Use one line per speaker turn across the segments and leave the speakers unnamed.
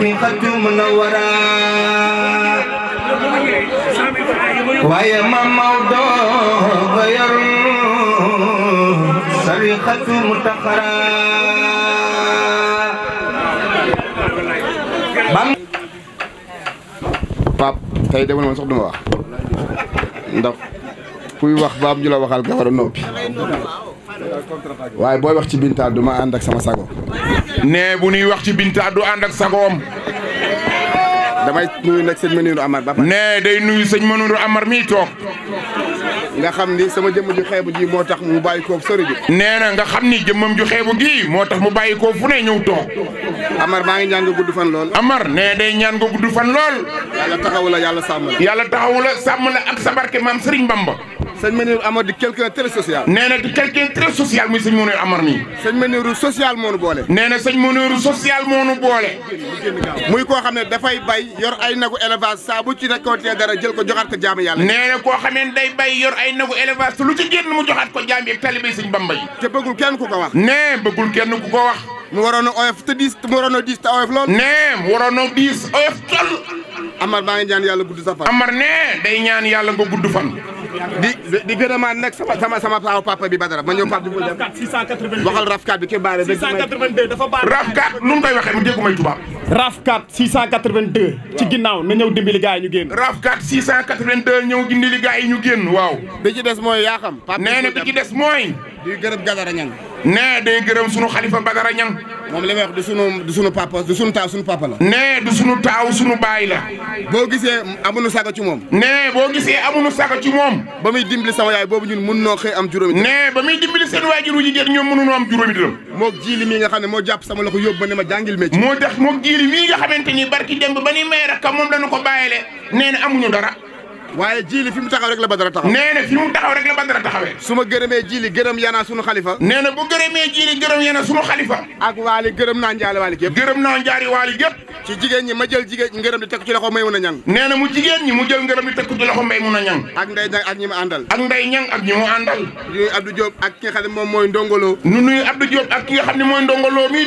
xaqiiqatu munawwara
waaye ma Maodo ba yor
sariqatu mutaqara
Pape tey dama ne man duma wax ndax kuy wax baam ju la waxal nga waaye booy wax ci Binta duma ànd ak sama sago ne bu ñuy wax ci Binta du ànd ak sagoom damay nuyu nag sëñ Manirou Amar ba ne day nuyu sëñ Manirou Amar mii toog. nga xam ni sama jëmm ju xeebu jii moo tax mu bàyyi koo sori nee na nga xam ni jëmmam ju xeebu gii moo tax mu bàyyi koo fu ne ñëw toog. Amar maa ngi ñaan nga gudd fan lool. Amar nee day ñaan nga gudd fan lool. yàlla taxawu la yàlla sàmm la. yàlla taxawu la sàmm la ak sa barke maam Serigne ba sëñ Maniru Amar di quelqu'un très social nee na di quelqu'un très social muy sëñ Maniru Amar mi sëñ Maniru social moo nu boole nee na sëñ Maniru social moo nu boole muy koo xam ne dafay bay yor ay nagu élevage saa bu ci récolté dara jël ko joxaat ko jaamu yàlla nee na koo xam ne day bay yor ay nagu élevage lu ci génn mu joxaat ko jaam yi ak talibé sëñ Bamba yi te bëggul kenn ku ko wax nee bëggul kenn ku ko wax mu waroon a oyof te diis waroon a diis te oyof lool nee mu waroon a diis oyof tol Amar maa ngi ñaan yàlla gudd sa fan Amar nee day ñaan yàlla nga gudd fan di di gërëmaa nag sama sama sama papa bi Badara ma ñëw papa bi. waxal RAF4 bi képp baale. 682 dafa baale. RAF4 nu koy waxee mu déggu may tubaab. RAF4 682. ci ginnaaw na ñëw dimbali gars yi ñu génn. RAF4 682 ñëw dimbali gars yi ñu génn waaw. bi ci des mooy yaa xam. papa bi nee na bi ci des mooy. nee day gërëm sunu xalifa Badara Ñang moom li may wax du sunu du sunu papa du sunu taaw sunu papa la. nee du sunu taaw sunu baay la. boo gisee amuñu saga ci moom. nee boo gisee amuñu saga ci moom. ba muy dimbali sama yaay boobu ñun mun noo xëy am juróomi. nee ba muy dimbali seen waajur yi ñoom mënuñoo am juróomi dërëm. moo jiili mii nga xam ne moo jàpp sama loxo yóbbu ma ne ma jàngil métier. moo tax moo jiili mii nga xamante ni barki démb ba ni may rakka moom lañu ko bàyyile nee na amuñu dara. waaye jiili fi mu taxaw rek la Badara taxaw nee na fi mu taxaw rek la Badara taxawee su ma gërëmee jiili gërëm yana sunu xalifa nee na bu gërëmee jiili gërëm yana sunu xalifa ak waali gërëm na njaali waali gépp gërëm naa njaari waali gépp ci jigéen ñi ma jël jigéen ngërëm di teg ci loxo may mun a ñang nee na mu jigéen ñi mu jël ngërëm di teg ci loxo may mun a ñang ak nday ñang ak ñi mu àndal ak nday ñang ak ñi mu àndal nuyu Abdou Diop ak ki nga xam ne moom mooy ndongoloo nu nuyu Abdou ak ki nga xam ne mooy ndongoloo mii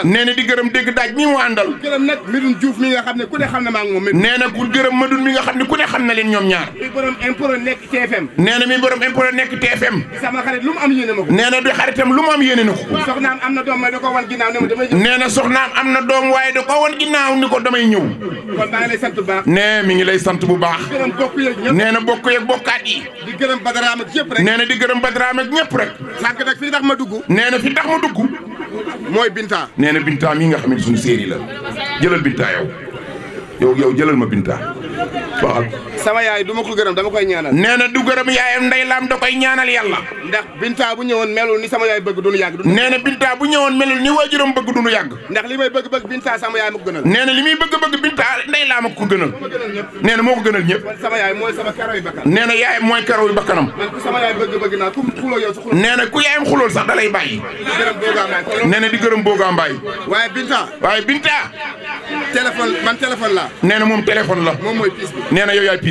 àndal nee na di gërëm dégg daaj mi mu àndal gërëm nag mi nga xam ne ku ne xam na maa ngi moom nee na ku gërëm Medoune mi nga xam ne ku ne xam na leen ñoom ñaar mi borom impro nekk am yéene ma ko nee na di xaritam lu mu am yéene na ko am na doom waaye da ko wan ginnaaw ne ma damay nee na soxnaam am na doom waaye da ko wan ginnaaw ni ko ñëw kon maa sant bu nee mi ngi lay sant bu baax nee na bokk yeeg bokkaat yi di gërëm badaraam ak ñëpp rek nee na di gërëm badaraam ak ñëpp rek sànq nag fi tax ma dugg nee na fi tax ma dugg mooy Binta. nee na Binta mii nga xam ne suñu séeri la jëlal Binta yow yow yow jëlal ma Binta waaw. sama yaay du ma ko gërëm dama yaayam ndey laam da koy ñaanal yàlla ndax bintaa bu ñëwoon melul ni sama yaay bëgg duñu yàgg ndax li bëgg-bëgg bintaa sama yaay ma ko gënal nee na li muy bëgg-bëgg bintaa ndey laam ko gënal nee na moo ko gënal ñëpp yaay mooy sama karaw yi bakkanam nee na yaayam mooy karaw yi bakkanam man ku sama yaay bëgg-bëgg naa ku xuloo yaayam xulool sax da lay di gërëm boogaa mbaay waaye bintaa waaye bintaa téléphone man téléphone la nee na moom téléphone la moom mooy piis bi yaay piis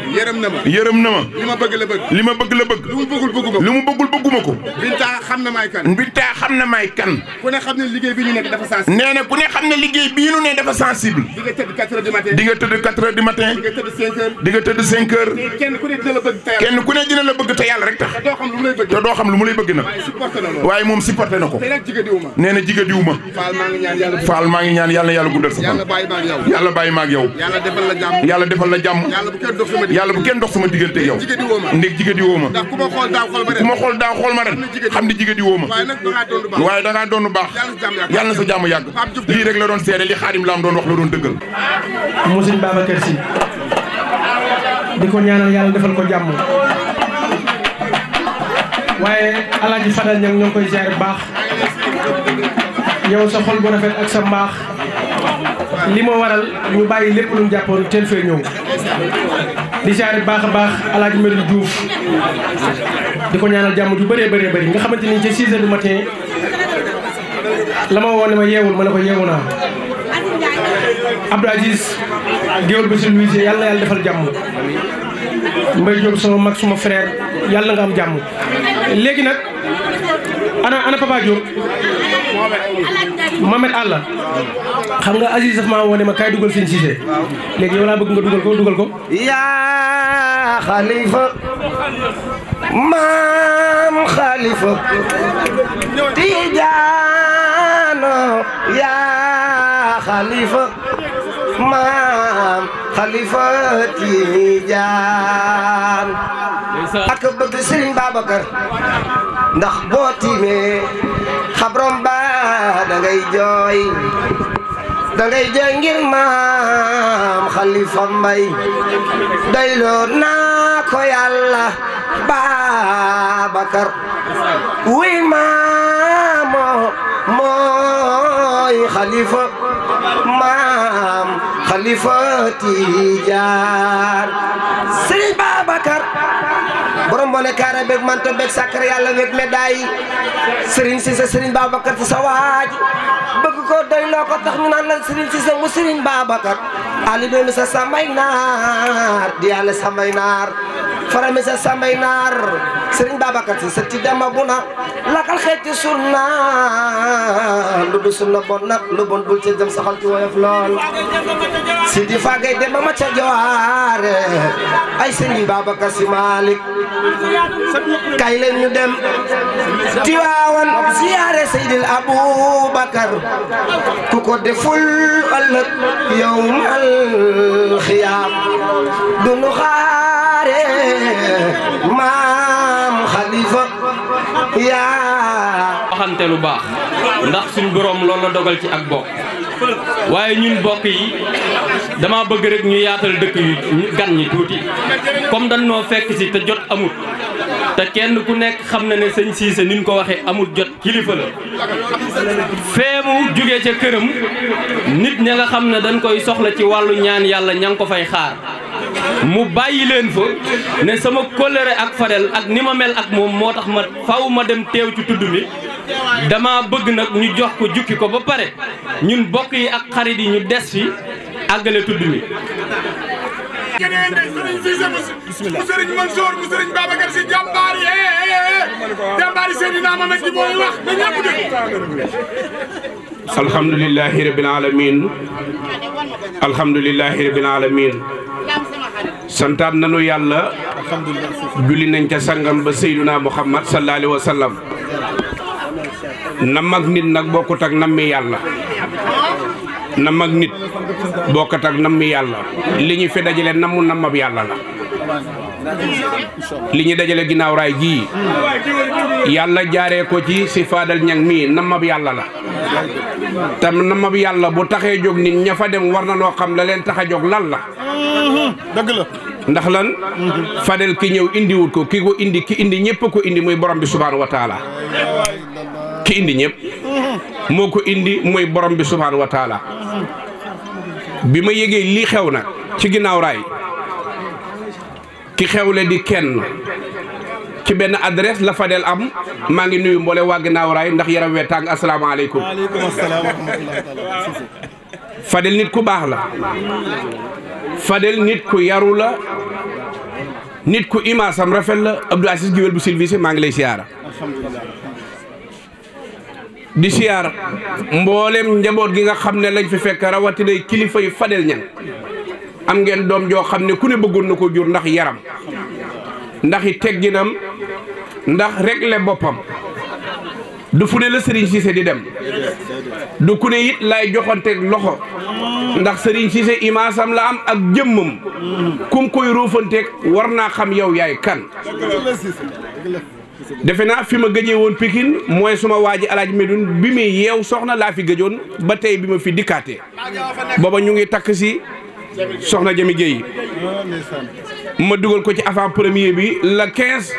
yërëm na ma na ma li ma bëgg la bëgg lu mu bëggul bëgguma ko li xam na maay kan bintaa xam na maay kan ku ku ne xam ne liggéey bii ñu ne dafa sensible di nga tëdd quatre du matin di tëdd quatre kenn ku ne dina la bëgg te yàlla rek tax te doo xam lu mu lay bëgg te waaye moom supporté na ko nee na faal maa ngi ñaan yàlla yàlla guddal sa yàlla bàyyi maag yow yàlla defal la jàmm yàlla bu kenn dox sama diggante yow ndég jigéen di woo ma ku ma xool daaw xool ma ren xam ne jigéen di woo ma waaye dangaa doon baax yàlla na sa jàmm yàgg lii rek la doon seede li la laam doon wax la doon dëggal
musin Babacar Sy di ko ñaanal yàlla defal ko jàmm waaye alaaji Fadal ñang ñoo ngi koy ziar baax yow sa xol bu rafet ak sa mbaax li ma waral ñu bàyyi lépp lu ñu jàppoon teel fee ñëw di ziare baax a baax El Hadj Medoune Diouf di ko ñaanal jàmm ju bëree bëree bëri nga xamante ni ci 6 heures du matin la ma woo ne ma yeewul ma ne ko yeewu naa
Abdou Aziz géwél bi si
Louise yàlla na yàlla defal jàmm Mbaye Diop sama mag suma frère yàlla nga am jàmm léegi nag ana ana Papa Mohamed Alla xam nga Aziz maa woo ma kaay dugal seen Cissé léegi yow laa nga dugal ko dugal ko
yaa xalifa
maam xalifa
tijaano yaa xalifa maam xalifa tijaan ak bëgg Serigne Babacar ngay jooy da ngay jooy ngir maam xalifa mbay day loo naa ko yàlla Baabakar wuy maam mooy xalifa maam xalifaati jaar sëriñ Babacar borom boole kaara beeg manto beeg sàkkar yàlla beeg médaille sëriñ Cissé sëriñ Babacar ci sa waaj bëgg ko doy loo ko tax ñu naan la sëriñ Cissé mu sëriñ Babacar ali doomi sa sambay naar di ale sambay naar farami sa sambay naar sëriñ Babacar si sa ti dama bu na lakal xeeti sunna lu du sunna bon nag lu bon bul ci dem saxal ci woyof lool si di fagay dem ma ca jowaare ay sëriñ Babacar si Malick kay leen ñu dem Tiwaawan ziyaare Seydil Aboubacar ku ko deful ëllëg yow mal xiyaam du nu xaare maam xalifa yaa
waxante lu baax ndax suñu borom loolu la dogal ci ak bokk waaye ñun bokk yi dama bëgg rek ñu yaatal dëkk yu gan ñi tuuti comme dañ fekk si te jot amut te kenn ku nekk xam na ne sëñ Cissé ni ko waxee amul jot kilifa la fee jóge ca këram nit ña nga xam ne dañ koy soxla ci wàllu ñaan yàlla ña ngi ko fay xaar mu bàyyi leen fa ne sama kóllëre ak Fadel ak ni ma mel ak moom moo tax ma faw ma dem teew ci tudd mi dama bëgg nag ñu jox ko jukki ko ba pare ñun bokk yi ak xarit yi ñu des fi àggale tudd mi
keneen de sëriñ yi jàmbaar yi seen dinaa ma di mooy wax na ñëpp dëgg
alhamdulillahi rabbil alamin alhamdulillahi rabbil alamin santaat nañu yàlla julli nañ ca sangam ba seyduna muhammad sallallahu alayhi wa sallam nam nit nag bokkut ak nammi yàlla nam ak nit bokkut ak nammi yàlla li ñu fi dajale namu namab yàlla la li ñu dajale ginnaaw gii yàlla jaaree ko ci si faadal ñang mii namab yàlla la te namab yàlla bu taxee jóg nit ñafa dem war na noo xam la leen tax a jóg lan la dëgg la ndax lan fadel ki ñëw indiwut ko ki ko indi ki indi ñëpp ko indi mooy borom bi subhaanahu wa ki indi ñëpp moo ko indi mooy borom bi subhaanahu wa bi ma yégee lii xew na ci ginnaaw raay ki xewle di kenn ci benn adres la Fadel am maa ngi nuyu mboole waa ginnaaw ndax yaram wee tàng asalaamaaleykum Fadel nit ku baax la Fadel nit ku yaru la nit ku imaasam rafet la Abdou Aziz Guèye bu Sylvie maa ngi lay siyaara di siyaar mboolem njaboot gi nga xam ne lañ fi fekk rawatina kilifa yu ñan am ngeen doom joo xam ne ku ne bëggoon na ko jur ndax yaram ndax i tegginam ndax réglé boppam du fu ne la Serigne Cissé di dem du ku ne it laay joxanteeg loxo ndax Serigne Cissé imaasam la am ak jëmmam kum koy ruufanteeg war naa xam yow yaay kan. defe naa fi ma gëjee woon Pikine mooy suma waa ji alaaj Medoune bi muy yeew soxna laa fi gëjoon ba tey bi ma fi dikkaatee booba ñu ngi takk si. soxna Jami Guèye ma dugal ko ci avant premier bi la 15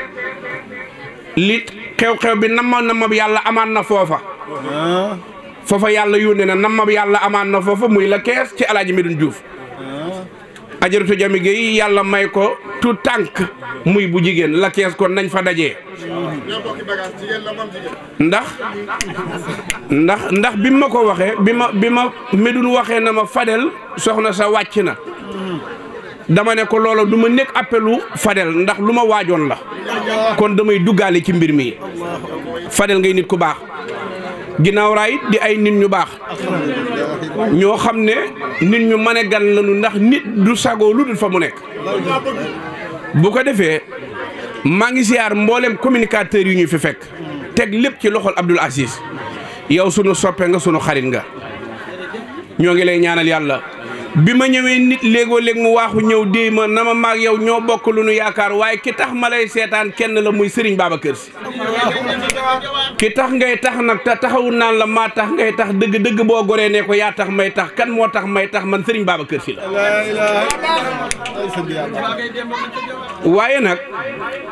li xew-xew bi namma namma bi yàlla amaan na foofa foofa yàlla yónnee na namma bi yàlla amaan na foofa muy la 15 ci alaaji Medoune Diouf ah. ajaratu Jami Guèye yàlla may ko tu tànk muy bu jigéen la kees kon nañ fa dajee ndax ndax ndax bi ma ko waxee bi ma bi ma medun waxee na ma fadel soxna sa wàcc na dama ne ko loola du ma nekk apelu fadel ndax lu ma waajoon la kon damay duggaale ci mbir mi fadel ngay nit ku baax ginnaaw di ay nit ñu baax ñoo xam ne nit ñu mën a gan lañu ndax nit du sagoo lu dul fa mu nekk bu ko defee maa ngi siyaar mboolem communicateur yu ñu fi fekk teg lépp ci loxol Abdoul Aziz yow sunu soppee nga sunu xarit nga ñoo ngi lay ñaanal yàlla bi ma ñëwee nit léegoo léeg mu waaxu ñëw déy ma na ma maag yow ñoo bokk lu nu yaakaar waaye ki tax ma lay seetaan kenn la muy baaba kër si ki tax ngay tax nag te taxawul naan la maa tax ngay tax dëgg dëgg boo goree ne ko yaa tax may tax kan moo tax may tax man Serigne Babacar Sy la waaye nag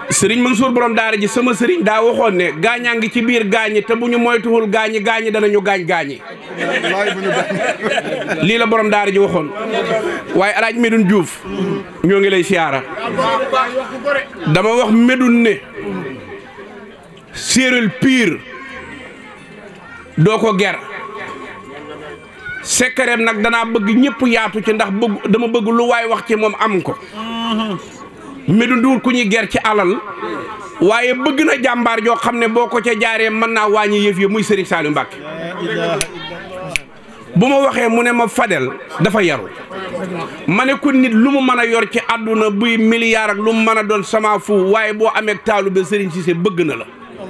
Serigne Mansour borom daara ji sama Serigne daa waxoon ne gaañaa ngi ci biir gaañi te bu ñu moytuwul gaañi gaañi danañu gaañ gaañi lii la borom daa ji waxoon waaye alaaj Medoune juuf ñoo ngi lay siyaara dama wax Medoune ne séeréel piir doo ko ger sekkareem nag danaa bëgg ñëpp yaatu ci ndax bëgg dama bëgg lu waay wax ci moom am ko Medoune duwul ku ñuy ger ci alal waaye bëgg na jàmbaar joo xam ne boo ko cee jaaree mën naa wàññi yëf yi muy Serigne Saliou Mbacké bu ma waxee mu ne ma Fadel dafa yaru ma ne ko nit lu mu mën a yor ci àdduna buy milliard ak lu mu mën a doon sama fu waaye boo amee taalu bi Serigne Cissé bëgg na la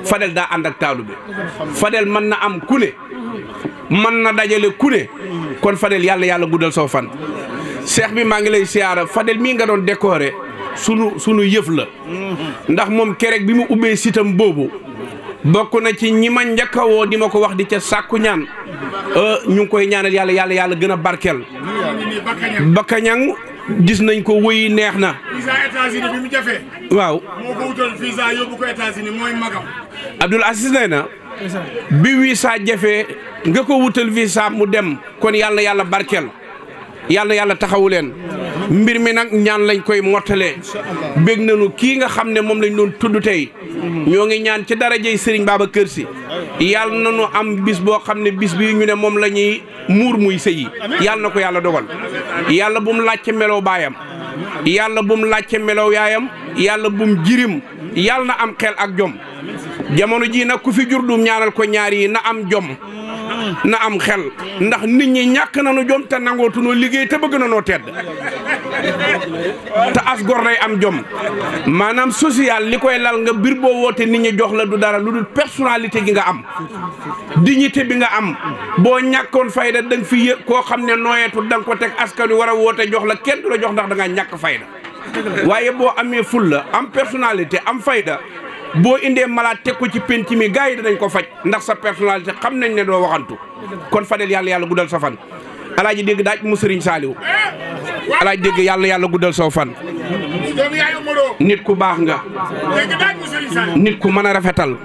Fadel daa ànd ak taalu bi Fadel mën na am ku ne na dajale ku kon Fadel yàlla yàlla guddal soo fan seex bi maa ngi lay siyaara Fadel mii nga doon décorer sunu sunu yëf la ndax moom kereeg bi mu ubbee sitam boobu bokk na ci ñi ma njëkk a woo di ma ko wax di ca sàkku ñaan euh, ñu ngi koy ñaanal yàlla yàlla yàlla gën a barkeel bakkañang gis nañ ko wuy neex na
visa États-Unis waaw moo ko wutoon mooy magam
Abdoul Aziz nee na bi visa jafee nga ko wutal visa mu dem kon yàlla yàlla barkeel yàlla yàlla taxawu leen mbir mi nag ñaan lañ koy mottalee bég nañu kii nga xam ne moom lañ doon tudd tey ñoo ngi ñaan ci darajey Serigne kër si yàlla na ñu am bis boo xam ne bis bi ñu ne moom la ñuy muur muy sëyi yàlla na ko yàlla dogal yàlla bu mu laajte melow baayam yàlla bu mu laajte melow yaayam yàlla bu mu jirim yàlla na am xel ak jom jamono ji nag ku fi jur du ñaanal ko ñaar yi na am jom na am xel ndax nit ñi ñàkk na nu jom te nangootunoo liggéey te bëgg nanoo tedd te as gor day am jom maanaam social li koy lal nga bir boo woote nit ñi jox la du dara lu dul personnalité gi nga am di dignité bi nga am boo ñàkkoon fayda danga fi yë koo xam ne nooyeetul danga ko teg askan wi war a woote jox la kenn du la jox ndax danga ñàkk fayda waaye boo amee fulla am personnalité am fayda boo indee malaat teg ko ci penc mi gars yi danañ ko faj ndax sa personnalité xam nañ ne doo waxantu kon Fadel yàlla yàlla guddal sa fan alaaji dégg daaj mu sëriñ saaliw alaaji dégg yàlla yàlla guddal saw fan nit ku baax nga nit ku mën a rafetal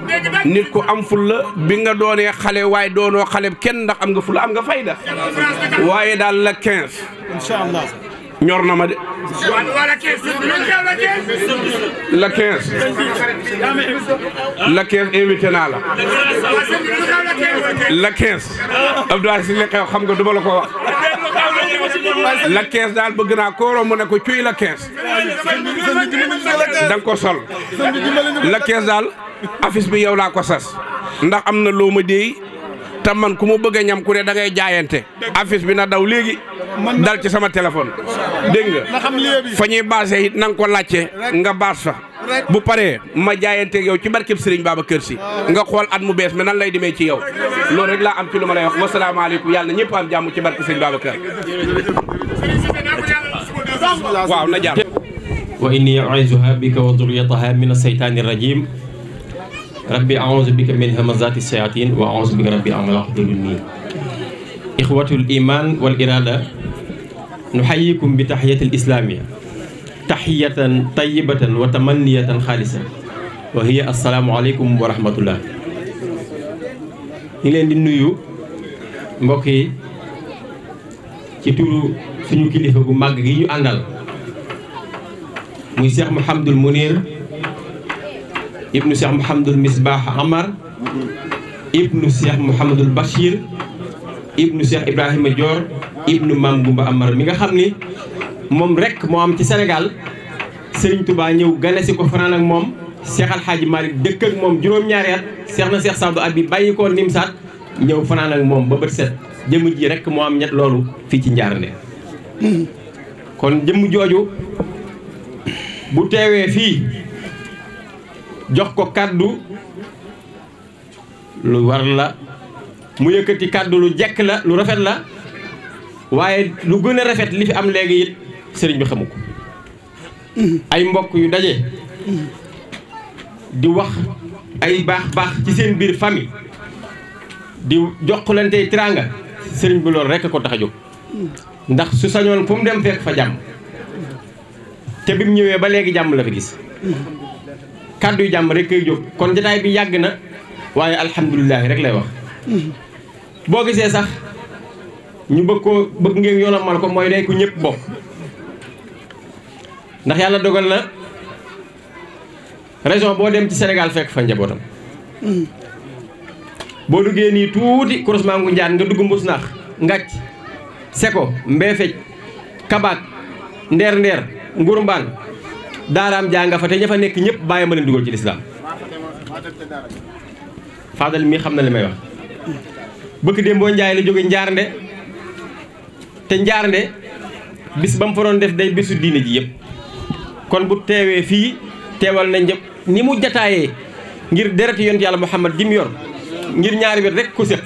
nit ku am fulla bi nga doonee xale waaye doonoo xale kenn ndax am nga fulla am nga fayda waaye daal la quinze ñor na ma de. la 15. la 15 invité naa la.
la 15.
Abdou xam nga duma la ko wax. la daal bëgg naa kóoroo mu ne ko cuy la 15. ko sol. la 15 daal affiche bi yow laa ko sas. ndax am na loo ma déy te man ku ma bëgg a ñam ku ne da ngay jaayante. affiche bi na daw léegi. dal ci sama téléphone dégg nga fa ñuy baase it na nga ko laajte nga baas fa bu paree ma jaayanteeg yow ci barkeb Serigne Babacar Sy nga xool at mu bees mi nan lay demee ci yaw loolu rek laa am ci lu ma lay wax wasalaamaaleykum yàlla na ñëpp am jàmm ci barke Serigne Babacar waaw na jàmm
wa inni u'iizuha bika a durriyataha min aseytaani rajim rabbi a'uuzu bika min hamazati sayatin wa a'uuzu bika rabbi an yaxdurun nii ixwatul iman wal irada nuxayikum bi taxiyati alislaamiya taxiyatan tayibatan wa tamanniyatan xaalisa wa hiya assalaamu aleykum wa rahmatullah ñu ngi leen di nuyu mbokk yi ci turu suñu kilifa gu màgg gi ñu àndal muy Cheikh Mouhamadul Mounir ibnu mu Mouhamadul Misbah Amar ibnu Cheikh Mouhamadul Bachir ibnu Cheikh Ibrahima Dior ibnu maam Goumba Amar mi nga xam ni moom rek moo am ci Sénégal Serigne Touba ñëw gane si ko fanaan ak moom Cheikh Al Hadj Malick dëkk ak moom juróom-ñaari at Cheikh na Cheikh Sadou at bi bàyyi ko Nimsaat ñëw fanaan ak moom ba bët set jëmm ji rek moo am ñett loolu fii ci Njaarnde kon jëmm jooju bu teewee fii jox ko kàddu lu war la mu yëkkati kàddu lu jekk la lu rafet la waaye lu gën a rafet li fi am léegi it sëriñ bi xamu ko ay mbokk yu daje di wax ay baax baax ci seen biir famille di joxlante teraanga sëriñ bi lool rekk ko tax a jóg ndax su sañoon fu mu dem fekk fa jàmm te bi mu ñëwee ba léegi jàmm la fi gis kàddu yu jàmm rek kay jóg kon jataay bi yàgg na waaye alhamdulilah rek lay wax boo gisee sax ñu bëgg ko bëgg ngeen yolomal ko mooy day ku ñëpp bokk ndax yàlla dogal na région boo dem ci Sénégal fekk fa njabootam boo duggee nii tuuti croisement ngu njaan nga dugg mbusnaax ngàcc seko mbeefej kabaak ndeer ndeer ngurumbaan daaraam jaa nga fa te ña fa nekk ñëpp bàyyi ma leen dugal ci lislaam faadal mii xam na li may wax bëkk démboo njaay la jóge njaarnde te njaarnde bis ba mu fa def day bisu diine ji yëpp kon bu teewee fii teewal na ñëpp ni mu jataayee ngir deret yonent yàlla Muhammad jim yor ngir ñaari wet rek ku séq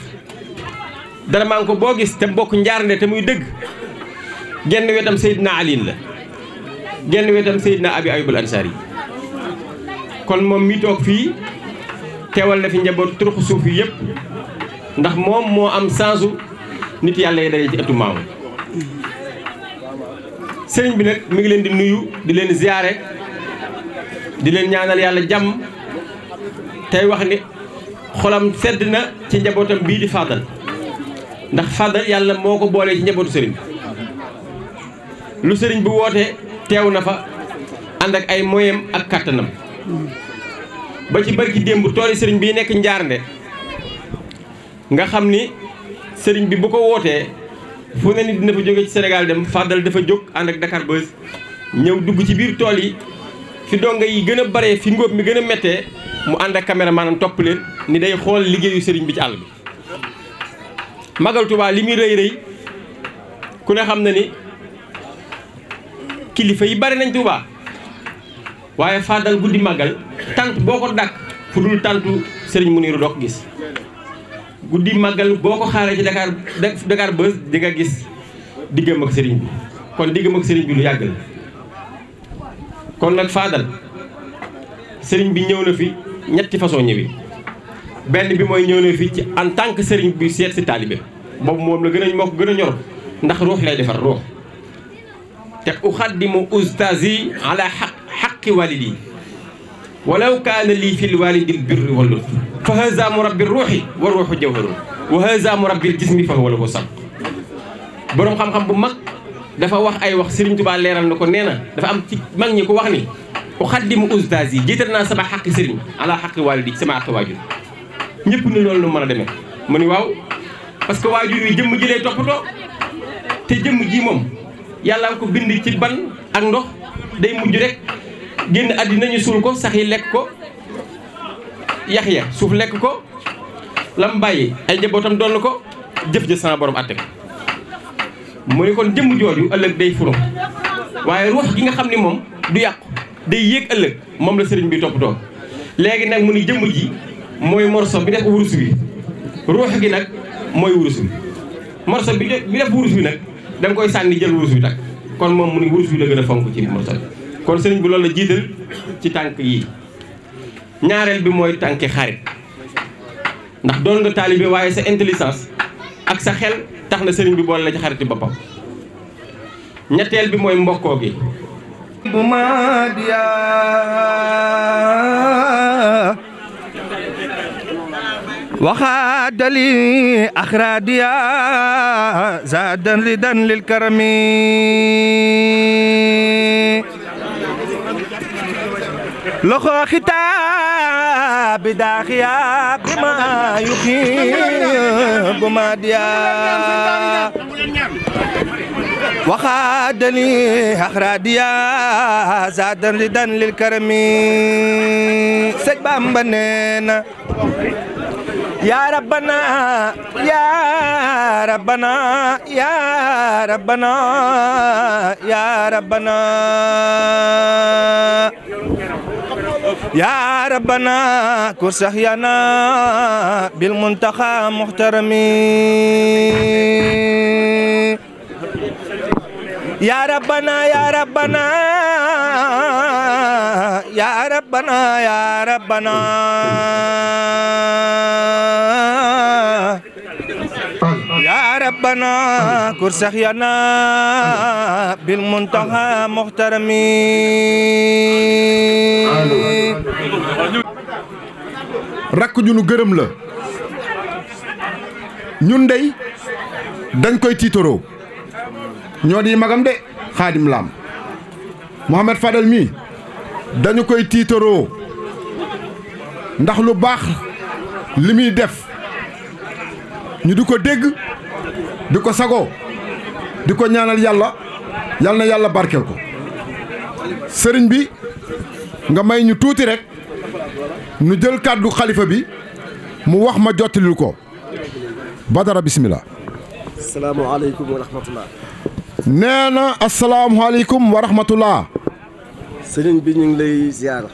dara maa ko boo gis te mbokk njaarnde te muy dégg genn wetam Seydina Aliin la genn wetam Seydina Abi Ayyub al-Ansari kon moom mi fii teewal na fi njaboot turuxu suuf yi yëpp ndax moom moo am sansu nit yàlla yi daje ci ëttu maamu sëriñ bi nag mi ngi leen di nuyu di leen ziyaare di leen ñaanal yàlla jàmm tey wax ni xolam sedd na ci njabootam bii di Fadal ndax Fadal yàlla moo ko boolee ci njabootu sëriñ lu sëriñ bi woote teew na fa ànd ak ay moyem ak kàttanam ba ci barki démb tooli sëriñ bi nekk njaarnde nga xam ni sëriñ bi bu ko wootee fu ne nit dina fa jóge ci Sénégal dem Fadal dafa jóg ànd ak Dakar Buzz ñëw dugg ci biir tool yi fi donga yi gën a bare fi ngóob mi gën a méttee mu ànd ak caméra maanaam topp leen ni day xool liggéeyu sëriñ bi ci àll bi. Magal Touba li muy rëy rëy ku ne xam na ni kilifa yi bare nañ Touba waaye Fadal guddi Magal tant boo ko dàkk fu dul tantu sëriñ Mounirou doo ko gis. guddi màggal boo ko xaaree ci Dakar Dakar Buzz di nga gis diggam ak sëriñ bi kon diggam sëriñ bi lu yàgg la kon nag Fadal sëriñ bi ñëw na fi ñetti façon ñëwi benn bi mooy ñëw na fi ci en tant que sëriñ bi seet si taalibe boobu moom la gën a moo ko gën a ñor ndax ruux lay defar ruux te uxaddimu ustazi ala xaq xaqi walidi walaw kaana lii fil walidi lbirri wal lutf fa haza murabbi ruuxi wa ruuxu jawharun wa haza murabbi jismi fa huwa lahu saq boroom xam-xam bu mag dafa wax ay wax Serigne Touba leeral na ko nee na dafa am ci mag ñi ko wax ni uxaddimu ustaas yi jiital naa sama xaqi Serigne ala xaqi walidi sama xaqi waajur ñëpp ni loolu nu mën a deme mu ni waaw parce que waajur yi jëmm ji lay toppatoo te jëmm ji moom yàlla ko bind ci ban ak ndox day mujj rek génn àddina ñu suul ko sax yi lekk ko yax ya suuf lekk ko lam bàyyi ay njabootam doon ko jëf ja sama borom àtte ko mu ne kon jëmm jooju ëllëg day furam waaye ruux gi nga xam ni moom du yàqu day yéeg ëllëg moom la sëriñ bi topp toppatoo léegi nag mu ni jëmm ji mooy morso bi def wurus bi ruux gi nag mooy wurus bi morso bi def wurus bi nag da koy sànni jël wurus bi takk kon moom mu ni wurus bi la gën a fonk ci morso bi kon sëriñ bi loolu la jiital ci tànk yi ñaareel bi mooy tànki xarit ndax doon nga taalibe waaye sa intelligence ak sa xel tax na sëriñ bi boole la ci xariti boppam ñetteel bi mooy mbokkoo gi
bu maadiya waxaadali axraadiya zaadan ridan lil karami loxo xitaab bi daax yaa bi ma yu xiib bu ma diyaa
waxaadani
axraadiyaa zaadan li lil karami sëñ Bamba nee yaa rabbana yaa rabbana yaa rabbana يا ربنا كن سحيانا بالمنتقى محترمين يا ربنا يا ربنا يا ربنا يا ربنا ربنا كرس خيانا بالمنتهى rakk ju nu gërëm la
ñun dey dañ koy tiitaroo ñoo di magam de xaadim laam Mohamed Fadel mi dañu koy tiitaroo ndax lu baax li muy def ñu di ko dégg di ko sagoo di ko ñaanal yàlla yal na yàlla barkeel ko sëriñ bi nga may ñu tuuti rek nu jël kàddu xalifa bi mu wax ma jottalil ko Badara bisimilah.
salaamualeykum wa rahmatulah.
nee na asalaamualeykum wa rahmatulah.
sëriñ bi ñu ngi lay ziyaara.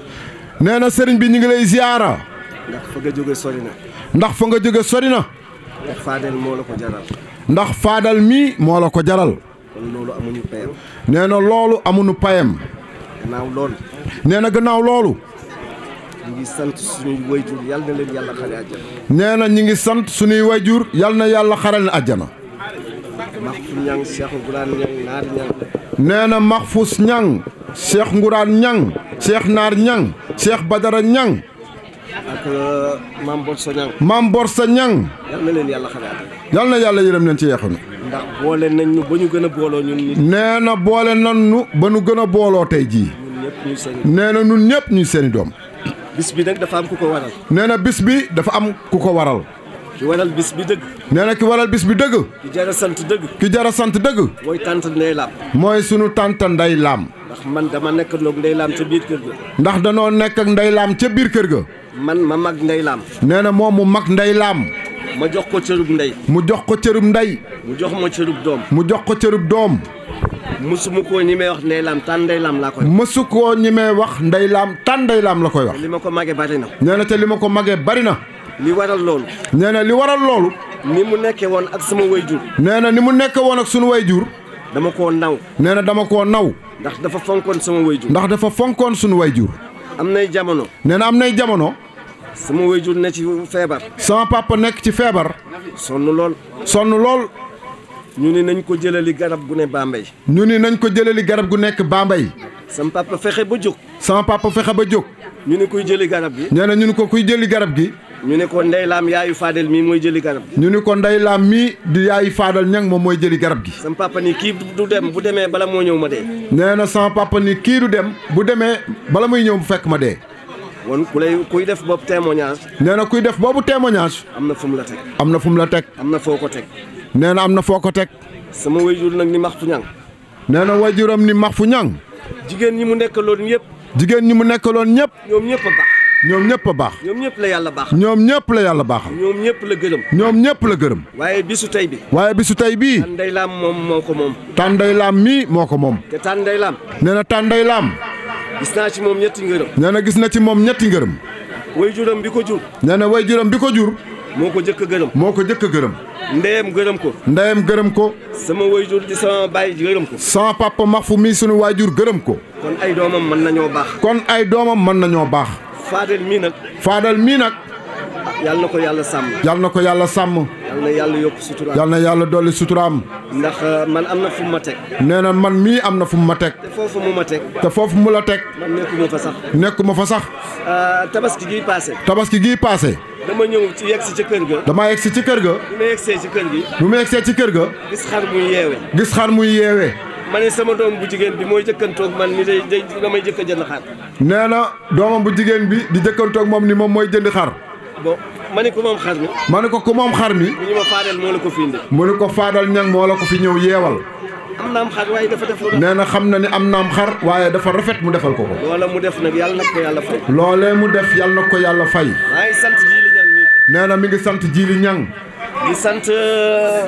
nee na sëriñ bi ñu ngi lay ziyaara.
ndax fa nga jóge sori na.
ndax fa nga jóge sori na.
ndax faadal la ko jaral.
ndax faadal mii moo la ko jaral.
loolu amuñu payam.
nee na loolu amuñu payam. gannaaw loolu. nee na gannaaw loolu.
ñu ngi sant suñuy wayjur yal na leen yàlla xare àjjana.
nee na ñu ngi sant suñuy wayjur yal na yàlla xare na àjjana.
Maxfus Ñang Cheikh Nguraan Ñang
Naar nee na Maxfus Ñang Cheikh Nguraan Ñang Cheikh Naar Ñang Cheikh Badara Ñang
ak euh, maam Borso Ñang.
maam Borso Ñang.
na leen yàlla xare àjjana.
yal na yàlla yërëm leen ci yeexanu.
ndax boole nañ ñu ba ñu gën a booloo ñun nit. nee na
boole nañ ñu ba ñu gën a booloo tey jii. nee na ñun ñëpp ñuy seeni doom.
bis bi nag dafa am ku ko waral.
nee na bis bi dafa am ku ko waral.
ki waral bis bi dëgg.
nee na ki waral bis bi dëgg.
ki jara sant dëgg. ki jara sant dëgg. mooy tante Ndeye Lam.
mooy suñu tànta Ndeye Lam.
ndax man dama nekk ak Ndeye Lam ca biir kër ga.
ndax ak Ndeye Lam ca biir kër ga.
man ma mag ndey laam.
nee na moom mu mag ndey laam. ma jox ko cërub
ndey. mu jox ko cërub ndey. mu jox ma cërub doom. mu jox ko cërub doom. mësuma koo ñi may wax ndey laam tànn ndey laa koy.
mësu koo ñi may wax ndey laam tànn laam la koy wax.
li ma ko magee bari na.
nee na te li ma ko magee bari na. li waral loolu. nee li waral loolu.
ni mu nekkee woon ak sama wayjur. nee na ni mu nekkee woon ak sunu wayjur. dama koo naw. nee na dama ko naw. ndax dafa fonkoon sama wayjur.
ndax dafa fonkoon sunu wayjur.
am nay jamono.
nee na am nay jamono.
sama wayjur na ci feebar.
sama papa nekk ci feebar.
sonn lool. sonn lool. ñu ni nañ ko jëlali garab gu ne mbay ñu ni nañ ko jëlali garab gu nekk Bambey. sama papa fexe ba jóg. sama papa fexe ba jóg. ñu ni koy jëli garab gi. nee na ñu ni ko kuy jëli garab gi. ñu ne ko ndey laam yaayu faadal mii mooy jëli garab gi. ñu
ne ko ndey laam mii di yaayu faadal ñang moom mooy jëli garab
gi. sama papa ni kii du dem bu demee bala moo ñëw ma dee.
nee na sama papa ni kii dem bu demee bala muy ñëw mu fekk ma dee.
wan ku lay kuy def boobu témoignage.
nee na kuy def boobu témoignage.
am na fu mu la teg.
am na fu mu la teg.
am na foo ko teg. nee na am na foo ko teg. sama wayjur nag ni max fu ñang.
nee na wayjuram ni max fu ñang.
jigéen ñi mu nekkaloon yëpp. jigéen ñi mu nekkaloon ñëpp. ñoom ñëpp a
baax. ñoom ñëpp baax. ñoom ñëpp la yàlla baax. ñoom ñëpp la yàlla baaxal. ñoom ñëpp la gërëm. ñoom ñëpp la gërëm.
waaye bisu tey bi. waaye bisu tey bii. tànday moom moo ko moom.
tànday laam mii moo ko moom.
te tànday laam. nee na laam. gis naa ci moom ñetti ngërëm.
nee na gis na ci moom ñetti ngërëm.
way juram bi ko jur.
nee na way juram bi ko jur. moo
ko jëkk gërëm. moo ko jëkk gërëm. ndeyam gërëm ko. ndeyam gërëm ko. sama waajur di sama baay gërëm ko.
sama papa Mahfou mii sunu waajur gërëm ko.
kon ay doomam mën nañoo baax.
kon ay doomam mën nañoo baax.
faadal mii nag. faadal mii nag. yàlla na ko yàlla sàmm.
yàlla na ko yàlla sàmm.
yàlla na yàlla yokk suturaam. yàlla
na yàlla dolli suturaam.
ndax euh, man am na fu mu ma teg.
nee na man mii am na fu mu ma teg. te foofu mu ma teg. foofu mu la teg.
man nekkuma fa sax.
nekkuma fa sax.
Euh, tabaski gii paase.
tabaski gii paase.
dama ñëw ci yegsi ci kër ga. dama
yegsi ci kër ga.
bu ma yegsee ci kër gi.
bu ma yegsee kër ga.
gis xar muy yeewee.
gis xar muy yeewee.
ma ne sama doom bu jigéen bi mooy jëkkantoog man ni day damay jëkk a jënd xar.
nee na doomam bu jigéen bi di jëkkantoog moom ni moom mooy jënd xar.
bon ma ne ko moom xar mi. ma ne ko ku moom xar mi. mu ñu ma faadal ko fi indi.
mu ko faadal ñang moo la ko fi ñëw yeewal.
am waaye dafa def
nee na xam na ni am naam xar waaye dafa rafet mu defal ko ko.
loola mu def nag yàlla na ko yàlla fay.
loolee mu def yàlla na ko yàlla fay.
maa ngi sant jiili ñang
mi. ngi sant jiili ñang. di
sant. Euh,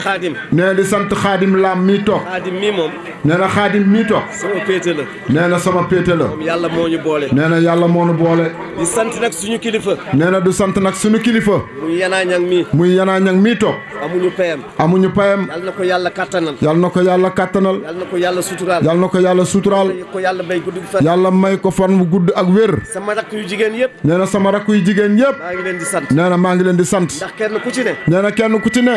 xaadim nee
di sant xaadim laam mii toog xaadim mii moom nee na xaadim mii toog sama péete la nee na sama péete la
yàlla moo ñu boole
nee na yàlla moo ñu boole
di sant nag suñu kilifa
nee na du sant nag suñu kilifa
muy yanaañang mii muy yanaañang mii toog amuñu payam amuñu payam yàlla na ko yàlla kàttanal
yàlla na ko yàlla kàttanal yàlla
na ko yàlla suturaal
yàlla na ko yàlla suturaal
ko yàlla may gudd fan yàlla
may ko fan bu gudd ak wér
sama rakk yu jigéen yëpp
nee na sama rakk jigéen yëpp maa ngi leen di sant nee na maa ngi leen di sant ndax kenn ku ci ne nee kenn ku ci ne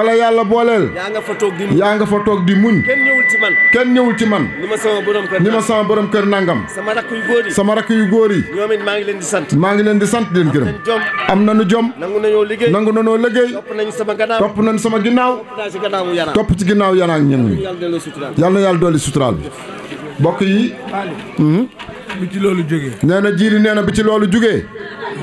kala yàlla booleel. yaa nga fa toog di muñ yaa nga fa toog di muñ. kenn ñëwul ci man.
kenn ñëwul ci man. ni ma sama borom kër ni ma sama borom kër nangam. sama rakk yu góor yi sama rakk maa ngi leen di sant. maa ngi leen di sant di leen gërëm. am nañu jom. nangu nañoo liggéey nangu nañoo liggéey. topp nañu sama gannaaw topp nañu sama ginnaaw. topp ci ginnaaw yanaa ñen ñi. yal na yàlla dolli suturaal bi bokk yi. Hmm?
bi ci loolu jógee.
nee na jiiri nee na bi ci loolu jógee.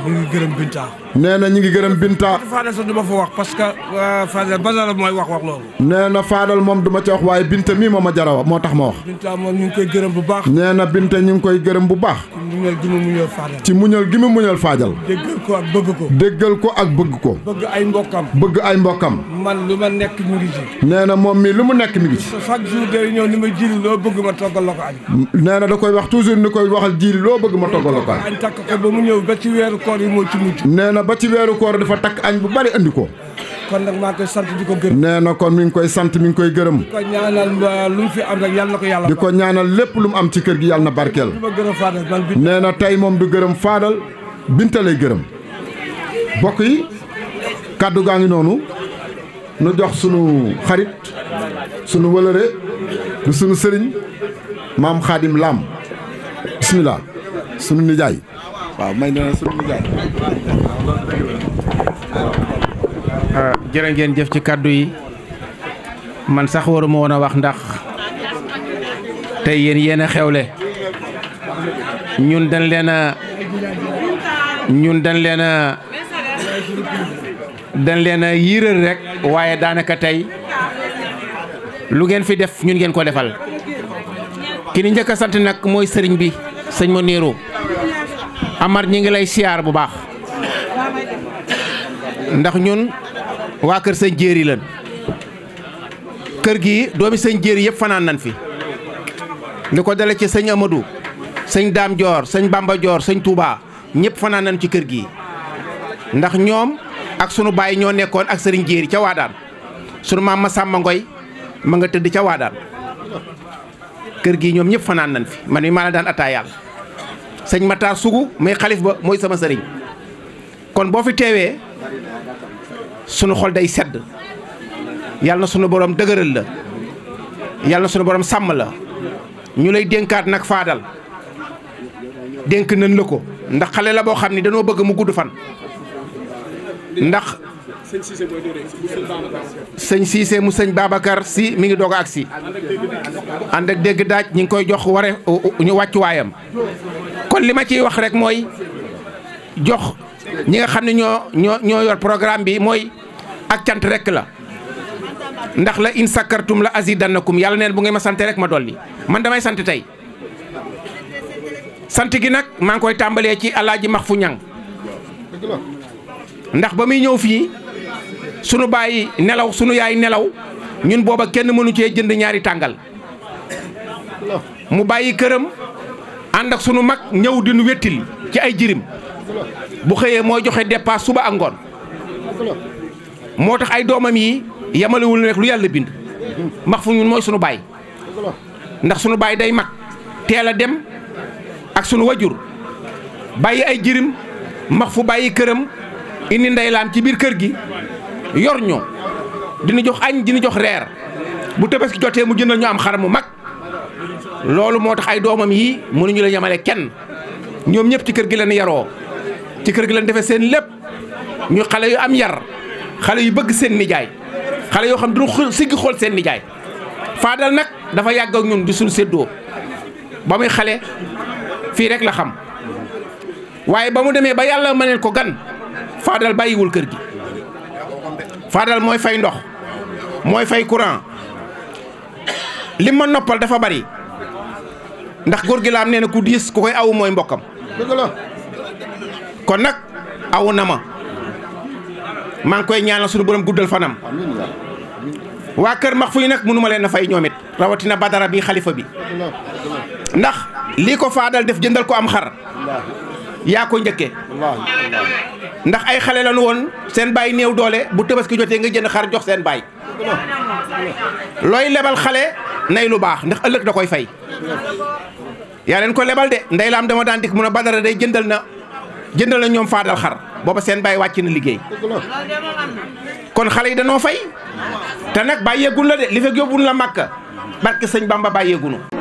ñu ngi gërëm Binta.
nee na ñu ngi gërëm Binta. Fadal
sax du ma fa wax parce que euh, Fadal Badara mooy wax wax loolu.
nee na Fadal moom du ma ca wax waaye Binta mii moom a jar moo tax ma wax.
Binta moom ñu ngi koy gërëm bu baax.
nee na Binta ñu ngi koy gërëm bu baax.
muñal gi mu muñal Fadal.
ci muñal gi mu muñal Fadal. déggal ko ak bëgg ko. déggal ko ak bëgg ko. bëgg ay mbokkam. bëgg ay mbokkam.
man lu ma nekk mi ngi ci.
na moom mii lu mu nekk mi ngi ci. chaque jour day ñëw ni ma jili loo bëgg ma toggal la ko añ. nee na da koy wax toujours ni koy waxal jili loo bëgg ma toggal la ko añ. takk ko koor ci nee na ba ci weeru koor dafa takk añ bu bari andi ko. kon nag maa ngi di ko gërëm. nee na kon mi ngi koy sant mi ngi koy gërëm. di
ko ñaanal
uh, fi am rek yàlla ko yàlla.
di ko ñaanal lépp lu mu am ci kër gi yàlla na barkeel. nee na tey moom du gërëm faadal binta lay gërëm. bokk yi kàddu gaa ngi noonu nu jox sunu xarit sunu wëlëre du sunu sëriñ maam xaadim laam bisimilah sunu
nijaay. waaw may na ah, ngeen jëf ci kàddu yi man sax waruma woon a wax ndax tey yéen yéen a xewle ñun dañ leen a ñun dañ leen a dañ leen a yiiral rek waaye daanaka tey lu ngeen fi def ñun ngeen ko defal ki ni njëkk sant nag mooy sëriñ bi sëñ Mounirou. Amar ñi ngi lay siyaar bu baax ndax ñun waa kër sëñ Jéeri lan kër gi doomi sëñ Jéeri yëpp fanaan nan fi li ko dale ci sëñ Amadou sëñ Daam Joor sëñ Bamba Joor sëñ Touba ñëpp fanaan nan ci kër gi ndax ñoom ak sunu baay ñoo nekkoon ak sëriñ Jéeri ca Waadaan sunu maam Masamba Ngoy ma nga tëdd ca Waadaan kër gi ñoom ñëpp fanaan nan fi man mi maa la daan ataa sëñ Matar Sougou muy xalif ba mooy sama sëriñ kon boo fi teewee sunu xol day sedd yàlla na sunu borom dëgëral la yàlla na sunu borom sàmm la ñu lay dénkaat nag faadal dénk nañ la ko ndax xale la boo xam ni dañoo bëgg mu gudd fan ndax sëñ Cissé mu sëñ Babacar si mi ngi doog a agsi ànd ak dégg daaj ñu ngi koy jox ware ñu wàccuwaayam kon li ma ciy wax rek mooy jox ñi nga xam ne ñoo ñoo ñoo yor programme bi mooy ak cant rek la ndax la in sakkartum la azidannakum yàlla neen bu ngeen ma sant rek ma dolli man damay sant tey sant gi nag maa ngi koy tàmbalee ci ji max fu ñang ndax ba muy ñëw fii sunu baay nelaw sunu yaay nelaw ñun booba kenn mënu cee jënd ñaari tàngal mu bàyyi këram ànd ak sunu mag ñëw dinu nu ci ay jirim bu xëyee mooy joxe dépasse suba ak ngoon moo tax ay doomam yi yamalewul rek lu yàlla bind max fu ñun mooy sunu baay ndax sunu baay day mag teel a dem ak sunu wajur bàyyi ay jirim max fu bàyyi këram indi ndeylaam ci biir kër gi yor ñu dina jox añ dinu jox reer bu ki jotee mu jëndal ñu am xar mu mag loolu moo tax ay doomam yii mënuñu la yemale kenn ñoom ñëpp ci kër gi leen yaroo ci kër gi leen defee seen lépp ñu xale yu am yar xale yu bëgg seen nijaay xale yoo xam du siggi xool seen nijaay faadal nag dafa yàgg ak ñun di suñ séddoo ba muy xale fii rek la xam waaye ba mu demee ba yàlla mëneel ko gan faadal bàyyiwul kër gi faadal mooy fay ndox mooy fay courant li ma noppal dafa bari ndax góor gi laam nee na ku diis ku koy awu mooy mbokkam dëgg kon nag awu na ma maa ngi koy ñaanal suñu borom guddal fanam waa kër max fu yi nag mënuma leen a fay ñoomit it rawatina badara bi xalifa bi ndax lii ko faadal def jëndal ko am xar yaa ko njëkkee ndax ay xale lañu woon seen baay néew doole bu tabaski jotee nga jënd xar jox seen baay looy lebal xale nay lu baax ndax ëllëg da koy fay yaa leen ko lebal de ndey laam dama daan dikk mun a badara day jëndal na jëndal na ñoom faadal xar booba seen bàyyi wàcc na liggéey kon xale yi danoo fay te nag bàyyeegul la de li fekk yóbbuwul la màkk barke sëñ Bamba bàyyeegunu